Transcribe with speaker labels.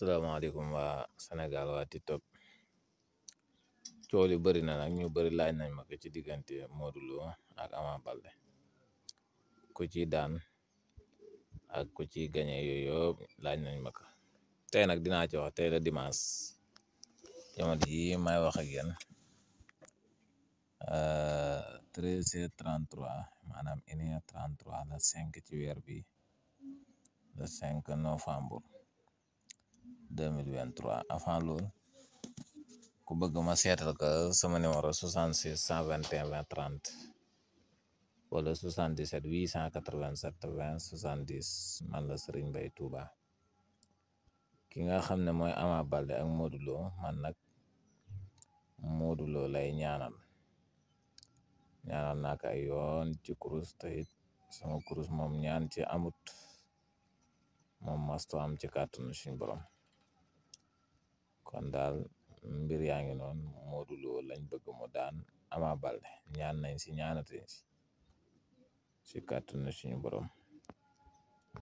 Speaker 1: asalaamaaleykum waa Sénégal waa TikTok coow li bëri na nag ñu bari laaj nañ ma ci diggante Modou Lo ak Ama Baldé ku ci daan ak ku ci gañe yooyu yëpp nañ ma ko tey nag dinaa ci wax tey la dimanche jamono yi may wax ak yéen euh, treize heures trente-trois maanaam une heure la cinq ci weer bi le novembre deux mille vingt trois avant loolu ku bëgg ma seetal ko sama numéro soixante six cent vingt et vingt trente wala soixante dix sept huit cent quatre vingt sept vingt soixante dix man la Serigne Mbaye Touba ki nga xam ne mooy Ama Baldé ak Modou Lo man nag Modou ñaanal ñaanal naa ko yoon ci kurus te it sama kurus moom ñaan ci amut moom mastu am ci kàttanu suñu borom. kon daal yaa ngi noon Modou Lo lañ bëgg mu daan Ama Baldé ñaan nañ si ñaanatuñ si si kàttanu suñu borom.